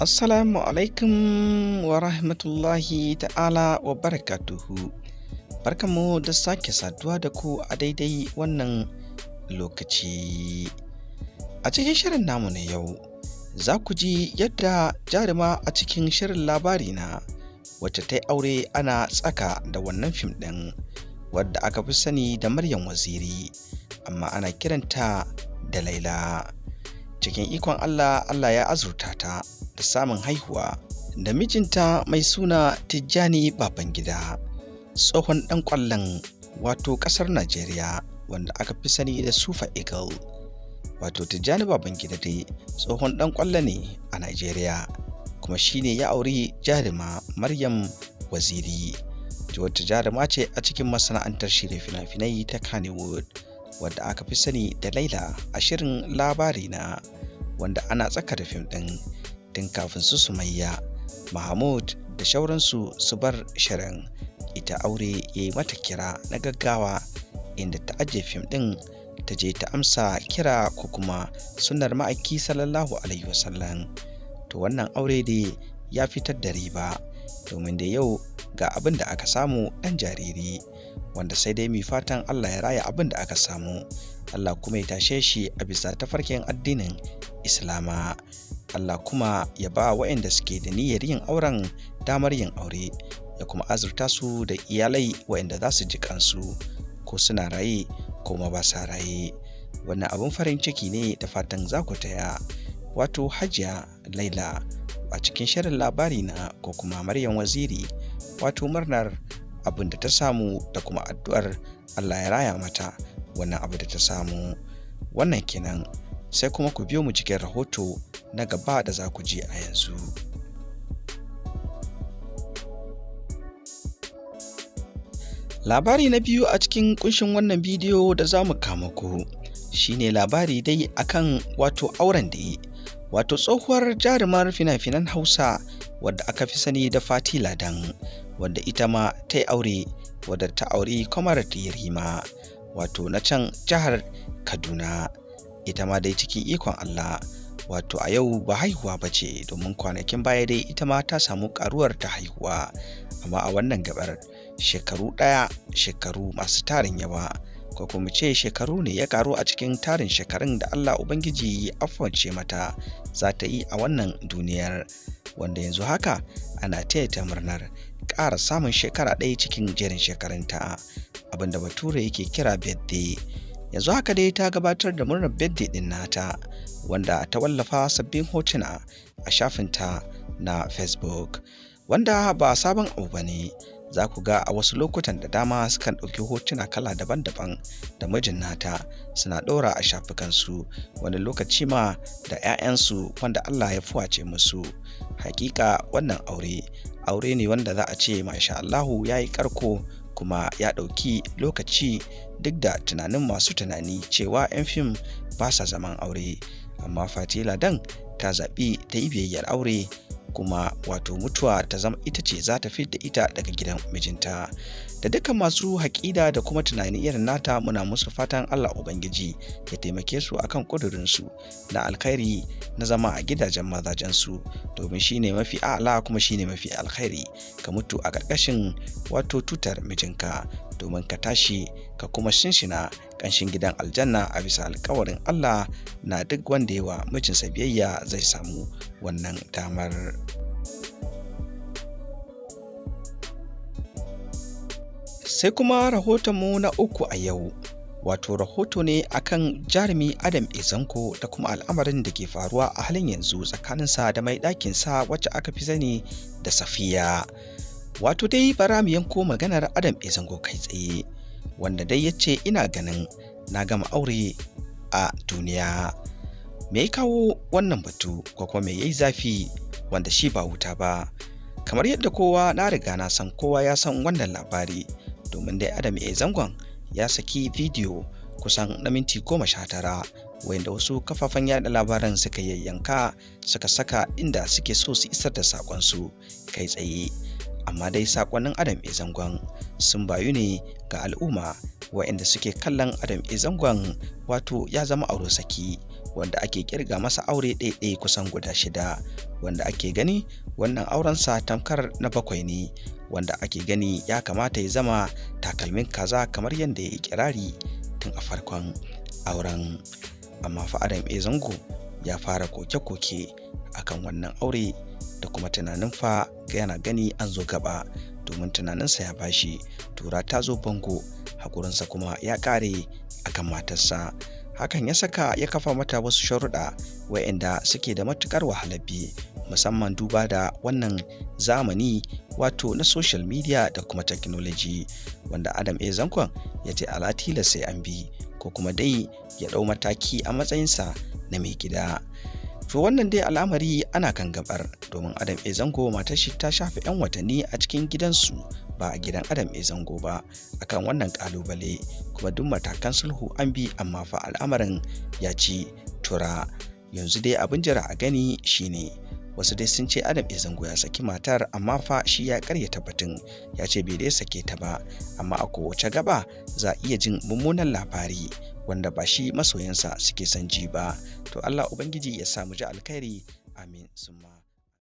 Assalamu alaikum wa rahmatullahi ta'ala wa barakatuhu. Barkanmu da sake saduwa da ku a daidai wannan lokaci. A cikin shirin namu na yau, za ku ji yadda jarima a cikin shirin labari na wacce ta yi aure ana tsaka da wannan fim ɗin wadda aka fi sani da Maryam Waziri, amma ana kiranta da Laila. cikin ikon Allah Allah ya azurta ta da samun haihuwa da mijinta mai suna Tijjani Babangida tsohon ɗan ƙwallon wato ƙasar Najeriya wanda aka fi sani da Sufa Eagle wato Tijjani Babangida dai tsohon ɗan ƙwallo ne a Najeriya kuma shine ya auri jarima Maryam Waziri wata jarima ce a cikin masana'antar shirya fina-finai ta Kannywood. Wanda aka fi sani da Laila a shirin labari na wanda ana tsaka da fim ɗin tun kafin su sumayya Mahmud da shauransu su bar shirin ita aure ya yi mata kira na gaggawa inda ta ajiye fim ɗin ta je ta amsa kira ko kuma sunar ma'aiki sallallahu alaihi wasallam to wannan aure de ya fitar da riba domin da yau ga abin da aka samu ɗan jariri wanda sai dai mai fatan Allah ya raya abin da aka samu Allah kuma ya tashe shi a bisa ta farkin addinin Islama Allah kuma ya ba waɗanda suke da niyyar yin auren damar yin aure ya kuma azurta su da iyalai waɗanda za su ji kansu ko suna raye ko ma ba sa raye wannan abin farin ciki ne da fatan za ku taya wato hajiya laila a cikin shirin labari na ko kuma maryam waziri wato murnar abin da ta samu da kuma addu'ar Allah ya raya mata wannan abu da ta samu wannan kenan sai kuma ku biyo mu cikin rahoto na gaba da za ku je a yanzu. Labari na biyu a cikin kunshin wannan bidiyo da za mu kama ku shine labari dai akan wato auren da yi wato tsohuwar jarumar fina-finan Hausa wadda aka fi sani da Fati Ladan Wanda ita ma ta yi aure wadda ta auri kwamarat yarima wato na can jihar kaduna ita ma dai cikin ikon allah wato a yau ba haihuwa ba ce domin kwanakin baya dai ita ma ta samu karuwar ta haihuwa amma a wannan gabar shekaru ɗaya shekaru masu tarin yawa ko kuma ce shekaru ne ya karu a cikin tarin shekarun da Allah Ubangiji ya afwance mata za ta yi a wannan duniyar wanda yanzu haka ana taya ta murnar ƙara samun shekara ɗaya cikin jerin shekarunta abinda bature yake kira birthday yanzu haka dai ta gabatar da murnar birthday ɗin nata wanda ta wallafa sabbin hotuna a shafinta na facebook wanda ba sabon abu ba ne za ku ga a wasu lokutan da dama sukan ɗauki hotuna kala daban-daban da mijin nata suna ɗora a shafukansu wani lokaci ma da 'ya'yansu wanda Allah ya fuwace musu hakika wannan aure aure ne wanda za a ce masha Allahu ya yi karko kuma ya ɗauki lokaci duk da tunanin masu tunani cewa 'yan fim ba sa zaman aure amma fatila dan ta zaɓi ta yi biyayyar aure kuma wato mutuwa ta zama ita ce za ta da ita daga gidan mijinta da dukkan masu haƙida da kuma tunani irin nata muna musu fatan Allah Ubangiji ya taimake su akan ƙudurinsu na alkhairi na zama a gidajen mazajensu domin shi ne mafi ala kuma shi ne mafi alkhairi ka mutu a ƙarƙashin wato tutar mijinka domin ka tashi ka kuma shinshina ƙanshin gidan aljanna a bisa alkawarin Allah na duk wanda yawa mijinsa biyayya zai samu wannan damar. sai kuma rahotonmu na uku a yau wato rahoto ne akan jarumi adam izanko da kuma al'amarin da ke faruwa a halin yanzu tsakaninsa da mai ɗakinsa wacce aka fi zani da safiya wato dai bara mu yanko maganar adam izanko kai tsaye wanda dai ya ce ina ganin na gama aure a duniya me kawo wannan batu ko kuma me yayi zafi wanda shi ba wuta ba kamar yadda kowa na riga na san kowa ya san wannan labari domin dai adam a zangon ya saki bidiyo kusan na minti goma sha tara wayanda wasu kafafen yada labaran suka yayyanka suka saka inda suke so su isar da sakonsu kai tsaye amma dai sakonnin adam a zangon sun bayu ne ga al'umma wayanda suke kallon adam a zangon wato ya zama aure saki wanda ake kirga masa aure ɗaiɗai kusan guda shida wanda ake gani wannan aurensa tamkar na bakwai ne wanda ake gani ya kamata ya zama takalmin kaza kamar yadda ya kirari tun a farkon auren amma fa adam e zango ya fara koke-koke akan wannan aure da kuma tunanin fa yana gani an zo gaba domin tunaninsa ya bashi tura ta zo bango hakurinsa kuma ya kare akan matarsa hakan ya saka ya kafa mata wasu sharuɗa wa'inda suke da matuƙar wahalabi musamman duba da wannan zamani wato na social media da kuma technology wanda adam a zankon ya ce alatila sai an bi ko kuma dai ya ɗau mataki a matsayinsa na mai gida to wannan dai al'amari ana kan gabar domin adam e zango matar shi ta shafe 'yan watanni a cikin gidansu ba a gidan adam e zango ba akan wannan kalubale kuma duk matakan sulhu an bi amma fa al'amarin ya ci tura yanzu dai abin jira a gani shine wasu dai sun ce adam zango ya saki matar amma fa shi ya karyata batun ya ce bai dai sake ta ba amma a kowace gaba za iya jin mummunan labari wanda ba shi masoyansa suke son ji ba to allah ubangiji ya samu ji alkhairi amin summa